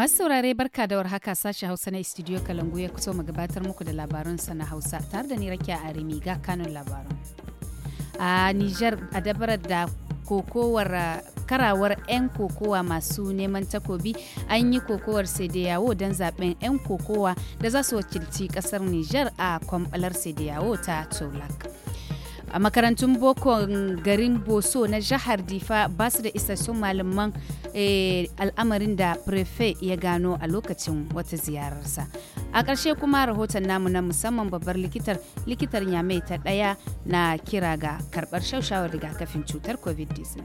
Masu saurare barka da warhaka sashi Hausa na Studio Kalangu ya kuso mu gabatar muku da labarun sana Hausa tare da ni Rakiya remi ga kanun labarun. A Nijar a dabarar da kokowar karawar 'yan kokowa masu neman takobi an yi kokowar yawo don zaben 'yan kokowa da za su wakilci kasar Nijar a kwambalar yawo ta Tolak. a makarantun boko garin boso na jihar difa ba su da isassun malaman eh, al'amarin da prefe ya gano a lokacin wata ziyararsa a ƙarshe kuma rahoton namu na musamman babbar likitar likitar nyamai ta ɗaya na kira ga karɓar daga rigakafin cutar covid-19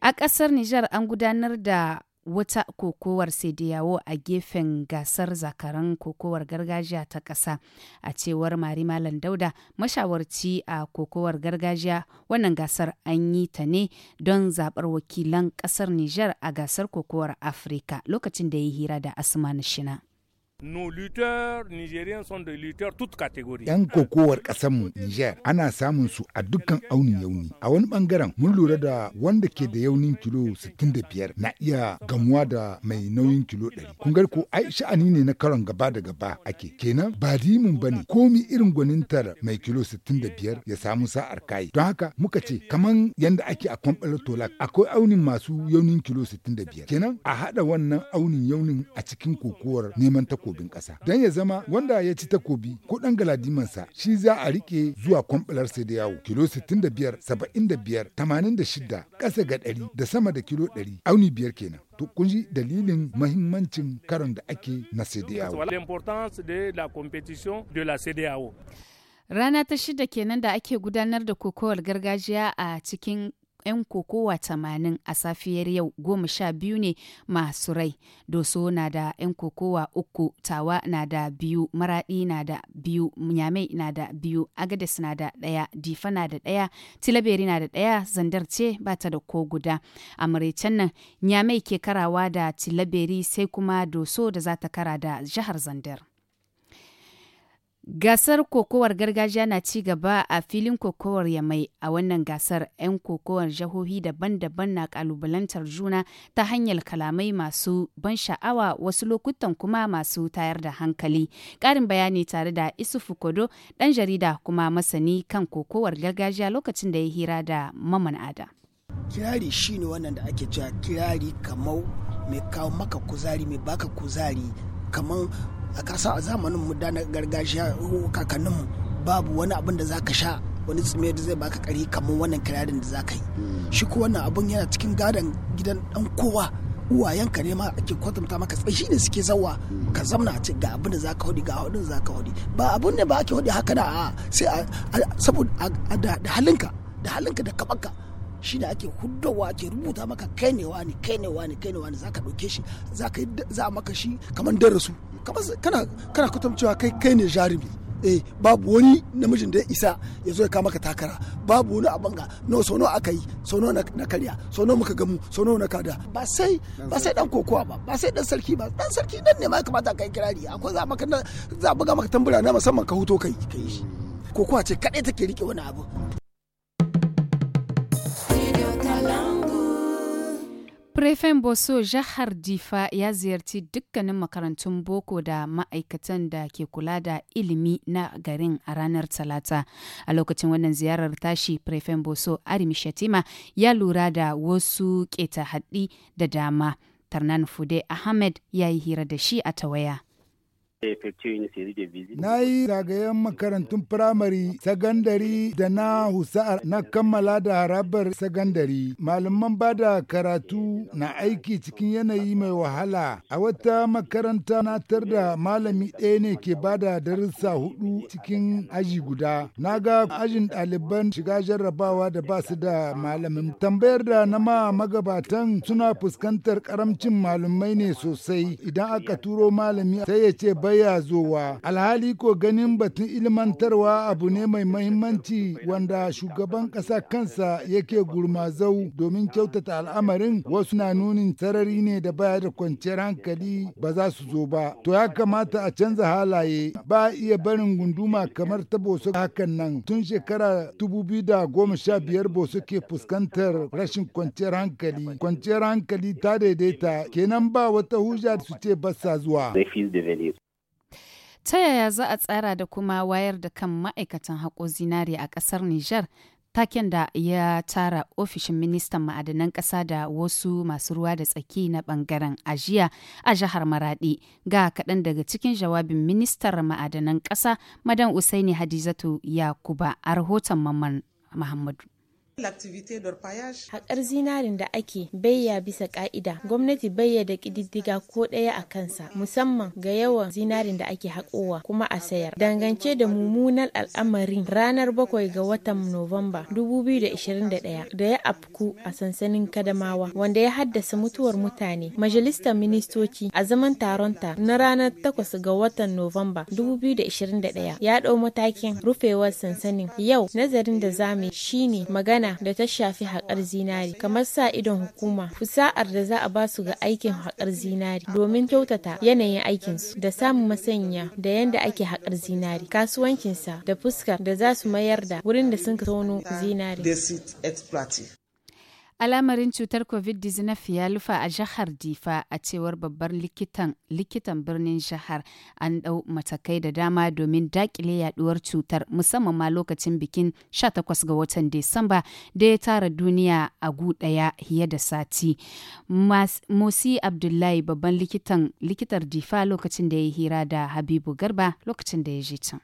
a ƙasar Nijar an gudanar da wata kokowar sediyawo a gefen gasar zakaran kokowar gargajiya ta ƙasa a cewar mari malam dauda mashawarci a kokowar gargajiya wannan gasar an yi ta ne don zaɓar wakilan ƙasar niger a gasar kokowar afirka lokacin da ya yi hira da asman shina Nos lutteurs nigériens sont des lutteurs toutes catégories. Yan kokowar mu Niger ana samun su a dukkan aunin yauni. A wani bangaren mun lura da wanda ke da yaunin kilo 65 na iya gamuwa da mai nauyin kilo 100. Kun ko ai sha'ani ne na karon gaba da gaba ake. Kenan ba dimin bane komi irin gwanintar mai kilo 65 ya samu sa'ar kai. Don haka muka ce kaman yanda ake a kwamfalar tolak akwai aunin masu yaunin kilo 65. Kenan a haɗa wannan aunin yaunin a cikin kokowar neman ko takobin ƙasa. Don ya zama wanda ya ci takobi ko ɗan galadimansa shi za a rike zuwa kwamɓalar sai da yawo kilo 65, 75, 86 ƙasa ga 100 da sama da kilo 100 auni biyar kenan. to kun ji dalilin mahimmancin karon da ake na CDAO. L'importance de la compétition de la CDAO. Rana ta shida kenan da ake gudanar da kokowar gargajiya a cikin 'yan kokowa tamanin a safiyar yau goma sha biyu ne masu rai doso na da 'yan kokowa uku tawa na da biyu maradi na da biyu nyamai na da biyu agades na da daya difa na da daya tilaberi na da daya zandar ce ba ta da ko guda a maraicen nan nyamai ke karawa da tilaberi sai kuma doso da za ta kara da jihar zandar Gasar kokowar gargajiya na ci gaba a filin kokowar Yamai a wannan gasar 'yan kokowar jahohi daban-daban na kalubalantar juna ta hanyar kalamai masu ban sha'awa wasu lokutan kuma masu tayar da hankali. Karin bayani tare da Isufu Kodo ɗan jarida kuma masani kan kokowar gargajiya lokacin da ya hira da Maman Ada. Kirari shine wannan da ake cewa kirari kamau mai kawo maka kuzari mai baka kuzari kamar a kasa a zamanin mu da na gargajiya kakannin mu babu wani abin da zaka sha wani tsime da zai baka kari kamar wannan kirarin da zaka yi hmm. shi ko wannan abin yana cikin gadon gidan dan kowa uwayenka ne ma ake kwatanta maka tsashi ne suke zawa hmm. ka zamna ce ga abin da za ka hudi ga hudin za ka hudi ba abin ne ba ake hudi haka da a sai saboda da halinka da halinka da kabanka shi ne ake hudowa ake rubuta maka kai ne wani kai ne wani kai ne wani za ka doke shi za ka za maka shi kamar darasu kana kana kutamcewa kai kai ne jarumi eh babu wani namijin da ya isa ya zo ya kama ka takara babu wani abanga no so nawa aka yi so nawa na karya so muka gamu so nawa na kada ba sai ba sai dan kokowa ba ba sai dan sarki ba dan sarki dan ne ma ya kamata kai kirari akwai za maka za buga maka tambura na musamman ka huto kai kai shi kokowa ce kadai take rike wani abu Prefen Boso jihar Difa ya ziyarci dukkanin makarantun boko da ma'aikatan da ke kula da ilimi na garin a ranar Talata. A lokacin wannan ziyarar tashi Prefen Boso Arimi Shatima ya lura da wasu keta haɗi da dama. Tarnan Fude Ahmed ya yi hira da shi a tawaya. Na yi zagayen makarantun firamare, sagandari da na husa'ar na kammala da harabar sagandari. Malaman ba da karatu na aiki cikin yanayi mai wahala. A wata makaranta na tar da malami ɗaya ne ke ba da darussa hudu cikin aji guda. Na ga ajin ɗaliban shiga jarrabawa da ba su da malamin. Tambayar da na ma magabatan suna fuskantar karamcin malamai ne sosai. Idan aka turo malami sai ya ce baya zowa alhali ko ganin batun ilmantarwa abu ne mai mahimmanci wanda shugaban ƙasa kansa yake gurmazau domin kyautata al'amarin wasu na nunin sarari ne da baya da kwanciyar hankali ba za su zo ba to ya kamata a canza halaye ba iya barin gunduma kamar ta boso hakan nan tun shekara 2015 boso ke fuskantar rashin kwanciyar hankali kwanciyar hankali ta daidaita kenan ba wata hujja su ce ba sa zuwa. Ta yaya za a tsara da kuma wayar da kan ma'aikatan haƙo zinari a ƙasar Nijar taken da ya tara ofishin ministan ma'adanan ƙasa da wasu masu ruwa da tsaki na ɓangaren ajiya a jihar maraɗi ga kaɗan daga cikin jawabin ministan ma'adanan ƙasa madan usaini hadizatu yakuba a rahoton maman muhammadu Haƙar zinarin da ake bayya bisa ƙa'ida, gwamnati bayya da ƙididdiga ko ɗaya a kansa, musamman ga yawan zinarin da ake haƙowa kuma a sayar. Dangance da mummunan al'amarin ranar bakwai ga watan Nuwamba 2021 da ya afku a sansanin Kadamawa, wanda ya haddasa mutuwar mutane. Majalistar Ministoci a zaman taronta na ranar 8 ga watan Nuwamba 2021 ya ɗau matakin rufewar sansanin. Yau nazarin da zame shine magana magana da ta shafi haƙar zinari kamar sa idon hukuma fusa'ar da za a ba su ga aikin haƙar zinari domin kyautata yanayin aikinsu da samun masanya da yanda ake haƙar zinari kasuwancinsa da fuskar da za su mayar da wurin da sun tono zinari. Alamarin cutar COVID-19 ya lufa a jihar Difa a cewar babbar likitan likitan birnin jihar an ɗau matakai da dama domin dakile yaduwar cutar musamman ma lokacin bikin 18 ga watan Disamba da ya tara duniya a ɗaya fiye da sati. Musi Abdullahi babban likitan likitar Difa lokacin da ya hira da Habibu Garba lokacin da ya je can.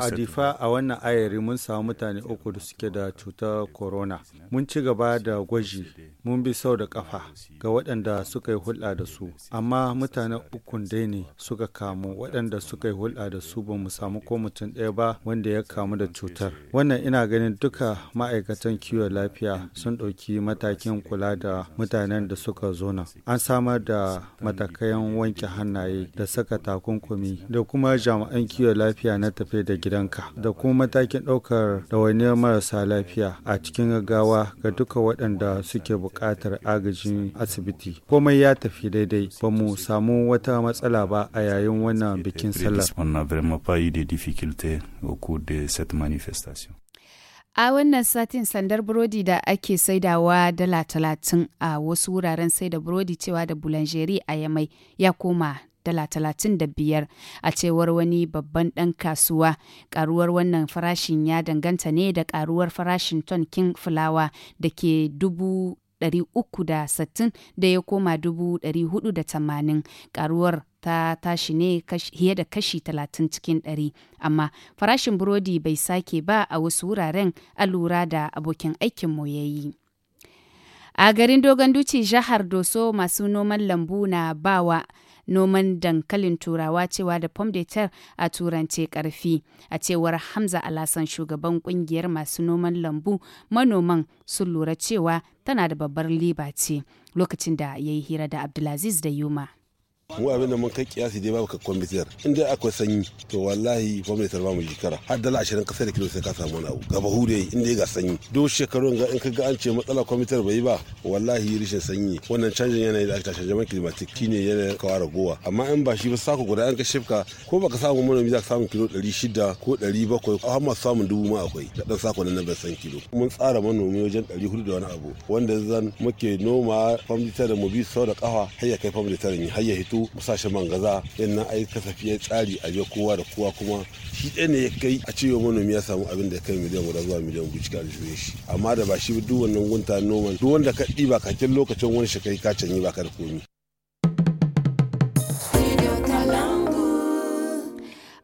a difa a wannan ayari mun samu mutane uku da suke da cutar corona mun ci gaba da gwaji mun bi sau da kafa ga waɗanda suka yi hulɗa da su amma mutane ukun dai ne suka kamu waɗanda suka yi hulɗa da su ba mu samu ko mutum ɗaya ba wanda ya kamu da cutar wannan ina ganin duka ma'aikatan kiwon lafiya sun ɗauki matakin kula da mutanen da suka zo nan an samar da matakayan wanke hannaye da saka takunkumi da kuma jami'an kiwon lafiya na tafe da da gidanka da kuma matakin ɗaukar ɗawainiyar marasa lafiya a cikin gaggawa ga duka waɗanda suke buƙatar agajin asibiti komai ya tafi daidai ba mu samu wata matsala ba a yayin wannan bikin sallar A wannan satin sandar burodi da ake saidawa dala talatin a wasu wuraren saida burodi cewa da bulanjeri a yamai ya koma dala talatin da biyar a cewar wani babban ɗan kasuwa karuwar wannan farashin ya danganta ne da karuwar farashin ton king fulawa da ke dubu 360 da ya koma 480 karuwar ta tashi ne fiye da kashi talatin cikin 100 amma farashin burodi bai sake ba a wasu wuraren lura da abokin aikin ya yi. A garin Dogon Duci jihar Doso masu noman lambu na bawa noman dankalin turawa cewa da pom de terre a turance karfi a cewar hamza alasan shugaban kungiyar masu noman lambu manoman sun lura cewa tana da babbar liba ce lokacin da ya yi hira da abdulaziz da yuma mu abin da mun kai kiyasi dai babu kakkon bitiyar in dai akwai sanyi to wallahi ba mai sarba mu jikara har dala ashirin kasar da kilo sai ka samu wani abu gaba da in dai ga sanyi duk shekarun ga in ka ga an ce matsala kwamitar bai yi ba wallahi rishin sanyi wannan canjin yanayi da ake tashi maki climatic shine yanayin kawa ragowa amma in ba shi ba sako guda an ka shifka ko baka samu manomi za ka samu kilo ɗari shida ko ɗari bakwai har ma samun dubu ma akwai da ɗan sako na bai san kilo mun tsara manomi wajen ɗari hudu da wani abu wanda zan muke noma famlitar da mu bi sau da kafa har ya kai famlitar har ya hito su musashen mangaza yannan ai kasafi ya tsari a je kowa da kowa kuma shi ɗaya ne ya kai a cewa manomi ya samu abin da kai miliyan guda zuwa miliyan guda cikin aljihohin shi amma da ba shi duk wannan gunta noman duk wanda ka ɗiba kakin lokacin wani shekai ka canyi ba ka da komi.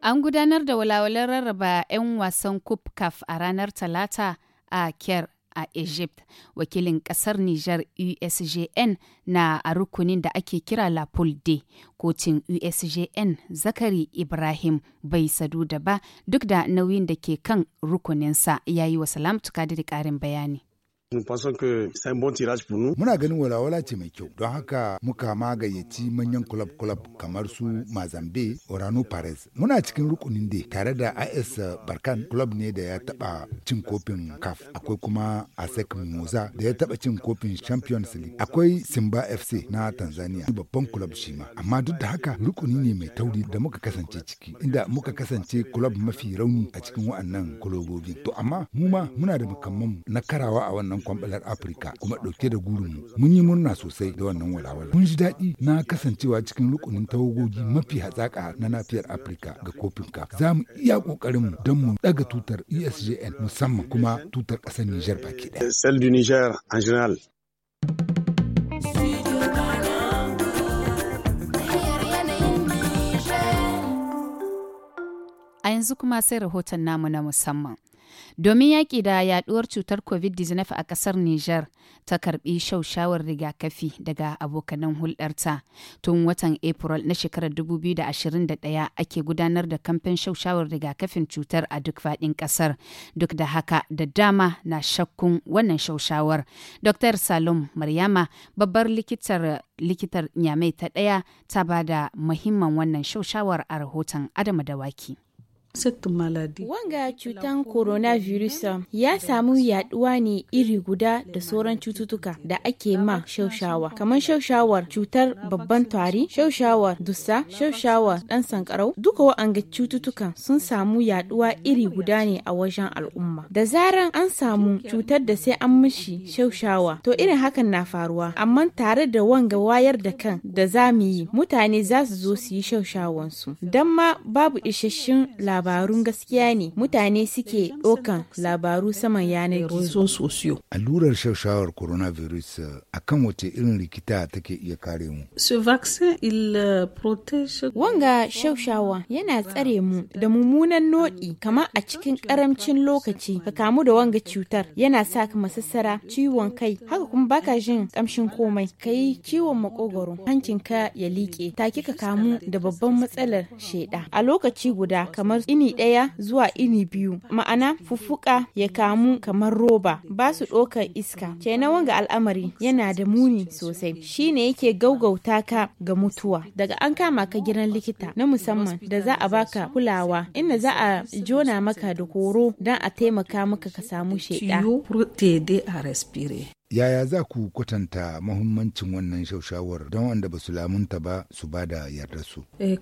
An gudanar da walawalar rarraba 'yan wasan kufkaf a ranar Talata a Kyar a Egypt. Wakilin ƙasar Nijar U.S.J.N na a rukunin da ake kira La Day, kotun USGN Zakari Ibrahim bai sadu da ba duk da nauyin da ke kan rukuninsa ya yi wa salamtuka da ƙarin bayani. Muna ganin walawala ce mai kyau, don haka muka ma gayyaci manyan kulab-kulab kamar su Mazambe, Orano Paris. Muna cikin rukunin da tare da AS Barkan kulab ne da ya taba cin kofin CAF. Akwai kuma ASEC Moza da ya taba cin kofin Champions League. Akwai Simba FC na Tanzania, babban kulab shi ma. Amma duk da haka rukuni ne mai tauri da muka kasance ciki, inda muka kasance kulab mafi rauni a cikin wa'annan kulobobi. To amma mu ma muna da makamman na karawa a wannan kan kwambalar Afirka kuma ɗauke da gurinmu. Mun yi murna sosai da wannan walawala. Mun ji daɗi na kasancewa cikin rukunin tawagogi mafi hatsaka na nafiyar Afirka ga kofin ka. Za mu iya ƙoƙarinmu don mu ɗaga tutar ESJN musamman kuma tutar ƙasar Nijar baki ɗaya. Niger A yanzu kuma sai rahoton namu na musamman. domin yaƙi da yaɗuwar cutar covid-19 a ƙasar Nijar ta karɓi shaushawar rigakafi daga abokanan hulɗarta tun watan April na shekarar 2021 ake gudanar da kamfen shaushawar rigakafin cutar a duk faɗin ƙasar duk da haka da dama na shakkun wannan shaushawar. Dr. Salom Maryama babbar likitar likitar Nyamai ta ɗaya ta ba da muhimman wannan shaushawar a rahoton Adama Dawaki. Wanga cutan coronavirus ya samu yaduwa ne iri guda da sauran cututtuka da ake ma shaushawa. Kamar shaushawar cutar babban tari, shaushawar dusa, shaushawar dan sankarau, duka wa'anga cututtuka sun samu yaduwa iri guda ne a wajen al'umma. Da zaran an samu cutar da sai an mishi shaushawa, to irin hakan na faruwa. Amma tare da wanga wayar da kan da za mu yi, mutane za su zo su yi shaushawansu. Don ma babu isasshen labarai. labarun gaskiya ne mutane suke ɗaukan labaru saman yanar gizo. Allurar shawar coronavirus eh, akan wace irin rikita take iya kare mu. Eh, wanga shaushawa yana tsare mu da mummunan noɗi kamar a cikin karamcin lokaci ka kamu da wanga cutar yana sa ka masassara ciwon kai haka kuma baka jin kamshin komai ka yi ciwon makogoro hancinka ya liƙe take ka kamu da babban matsalar sheda a lokaci guda kamar ini ɗaya zuwa ini biyu ma'ana fufuka ya kamu kamar roba ba su ɗaukar iska kenan wanga al'amari yana da muni sosai shine yake gaugauta ka ga mutuwa daga an kama ka gidan likita na musamman da za a baka kulawa inda za a jona maka da horo don a taimaka maka ka samu shaida. Yaya za ku kwatanta mahimmancin wannan shaushawar don wanda ba su lamunta ba su ba da yarda su? Eh,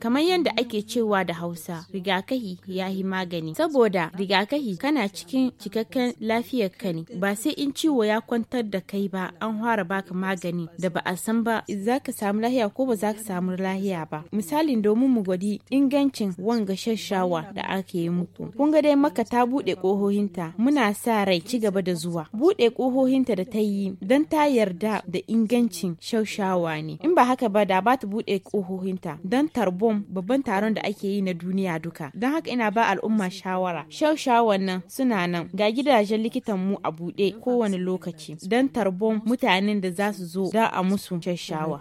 Kamar yadda ake cewa da Hausa, rigakahi ya hi magani. Saboda rigakahi kana cikin cikakken lafiyar ka ne, ba sai in ciwo ya kwantar da kai ba an fara baka magani da ba a san ba za ka samu lahiya ko ba za ka samu lahiya ba. Misalin domin mu gwadi ingancin wanga shashawa da ake yi muku. Kun ga dai maka ta buɗe buɗe ƙohohinta muna sa rai ci gaba da zuwa buɗe ƙohohinta da ta yi don ta yarda da ingancin shaushawa ne in ba haka ba da ba ta buɗe ƙohohinta don tarbon babban taron da ake yi na duniya duka don haka ina ba al'umma shawara shaushawa nan suna nan ga gidajen likitan mu a buɗe kowane lokaci don tarbon mutanen da za su zo don a musu shaushawa.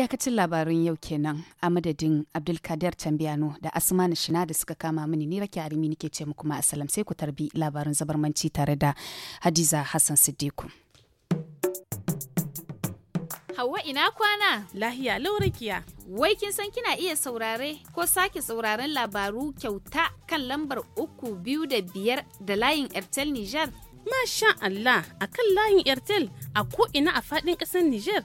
Iyakacin labarun yau kenan a madadin Abdulkadir Tambiyano da Asmanu Shina da suka kama mini ni rake arimi nike ce muku ma asalam sai ku tarbi labarin zabarmanci tare da Hadiza Hassan Siddiku. hawa ina kwana? Lahiya laurakiya. Wai kin san kina iya saurare ko sake sauraren labaru kyauta kan lambar uku biyu da biyar da layin Airtel Niger? Masha Allah a kan layin Airtel a ko ina a faɗin ƙasar nijar.